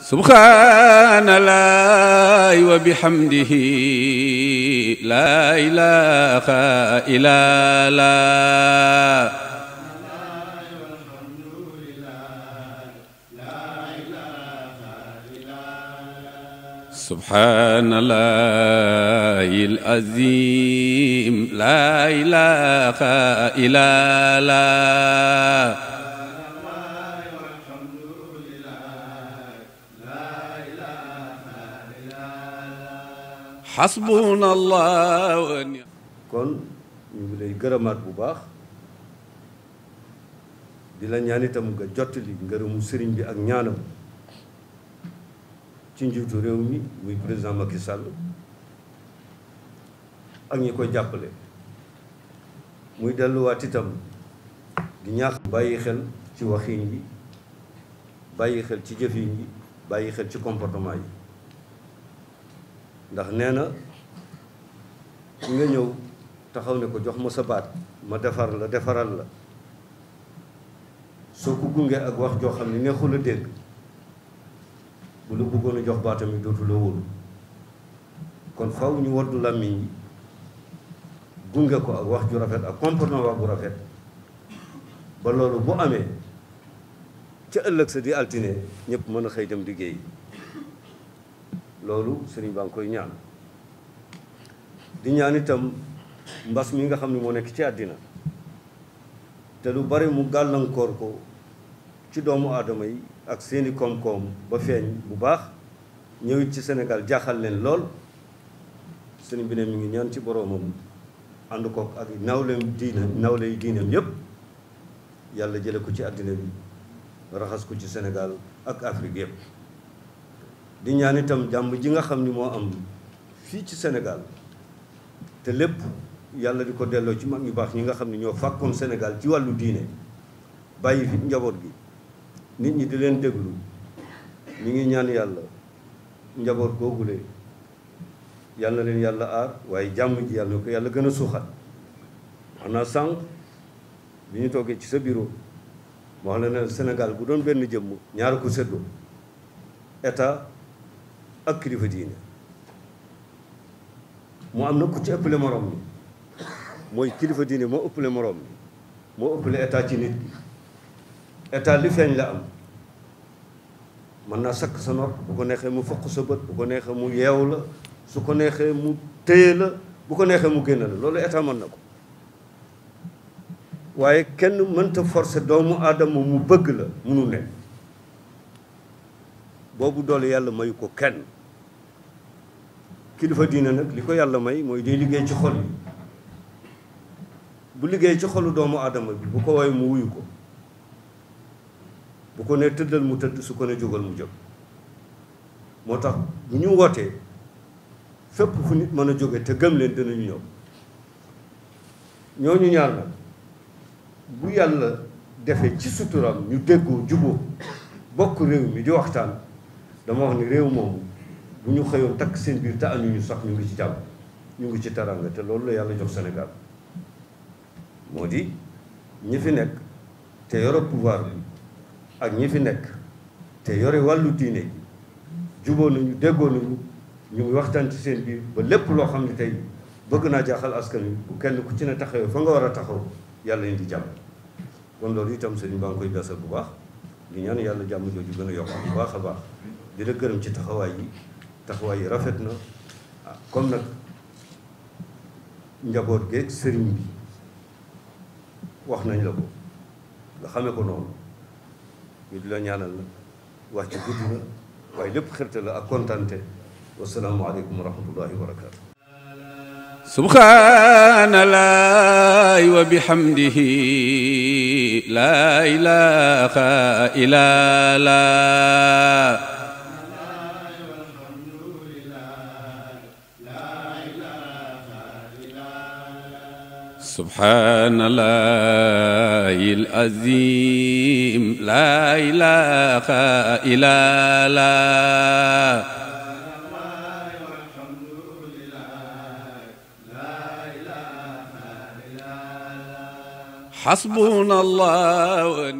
سبحان الله وبحمده لا إله إلا الله سبحان الله العظيم لا إله إلا الله hasbunallah wa kon ñu ngi lay gërëmaat bu baax di la ñaan itam nga jottali ngërëmu sëriñ bi ak ñaanam ci njiitu réew mi muy président Macky Sall ak ñi koy jàppale muy delluwaat itam di ñaax bàyyi xel ci waxiin bi bàyyi xel ci jëfin bi bàyyi xel ci comportement yi ndax nee na nga ñëw taxaw ne ko jox ma sa baat ma defar la defaral la soo ko gungee ak wax joo xam ne neexul a dégg bu la bëggoon a jox baatam yi dootu la kon faw ñu waddu làmmiñ yi gunge ko ak wax ju rafet ak comportement wax bu rafet ba loolu bu amee ca ëllëg sa di altine ñëpp mën a xëy dem liggéey loolu sëriñ baa ngi koy ñaan di ñaan itam mbas mi nga xam ne moo nekk ci àddina te lu bari mu gàllankoor ko ci doomu aadama yi ak seeni koom-koom ba feeñ bu baax ñëwit ci senegal jaaxal leen lool sëriñ bi ne mi ngi ñaan ci boroomam ànd ko ak nawleem diina nawley diinam yépp yàlla jële ko ci àddina bi raxas ko ci senegal ak Afrique yépp di ñaan itam jàmm ji nga xam ni moo am fii ci senegal te lépp yàlla di ko delloo ci mag ñu baax ñi nga xam ni ñoo fàkkoon senegal ci wàllu diine bàyyi fi njaboot gi nit ñi di leen déglu ñu ngi ñaan yàlla njaboot googule yàlla leen yàlla aar waaye jàmm ji yàlla na ko yàlla gën a suuxat wax naa sànq bi ñu toogee ci sa bureau moo xam ne Sénégal bu doon benn jëmm ñaar ko séddoo أكلي في دينه ما أملك كتش أبل مرامي ما يكلي في دينه ما أبل مرامي ما أبل أتالي فين لأم من ناسك سنور بكون أخي مفق سبت بكون أخي مو يول سكون أخي مو تيل بكون أخي مو كينل لولا أتامن نكو waaye kenn mënta forcé doomu aadama mu bëgg la munu ne boobu doole yàlla mayu ko kilifa diine nag li ko yàlla may mooy day liggéey ci xol yi bu liggéey ci xolu doomu aadama bi bu ko woy mu wuyu ko bu ko ne tëddal mu tëdd su ko ne jógal mu jóg moo tax bu ñu wootee fépp fu nit mën a jóge te gëm leen dinañu ñëw ñooñu ñaar nag bu yàlla defee ci suturam ñu déggoo juboo bokk réew mi di waxtaan dama wax ni réew moomu bu ñu xëyoon takk seen biir te ñu sax ñu ngi ci jàmm ñu ngi ci taranga te loolu la yàlla jox Sénégal moo di ñi fi nekk te yore pouvoir bi ak ñi fi nekk te yore wàllu diine juboo nañu déggoo nañu ñu ngi waxtaan ci seen biir ba lépp loo xam ne tey bëgg naa jaaxal askan wi bu kenn ku ci ne taxawee fa nga war a taxaw yàlla di jàmm kon loolu itam seen baa ngi koy gasal bu baax di ñaan yàlla jàmm jooju gën a yokk bu baax a baax di la gërëm ci taxawaay yi taxawaay yi rafet na comme nag njaboot geeg sëriñ bi wax nañ la ko nga xamee ko noonu ñu di la ñaanal nag wax ci gudd na waaye lépp xerte la ak kontante wasalaamu aleykum wa rahmatullahi wa barakaatu سبحان الله وبحمده لا إله إلا الله سبحان الله العظيم لا إله إلا الله حسبنا الله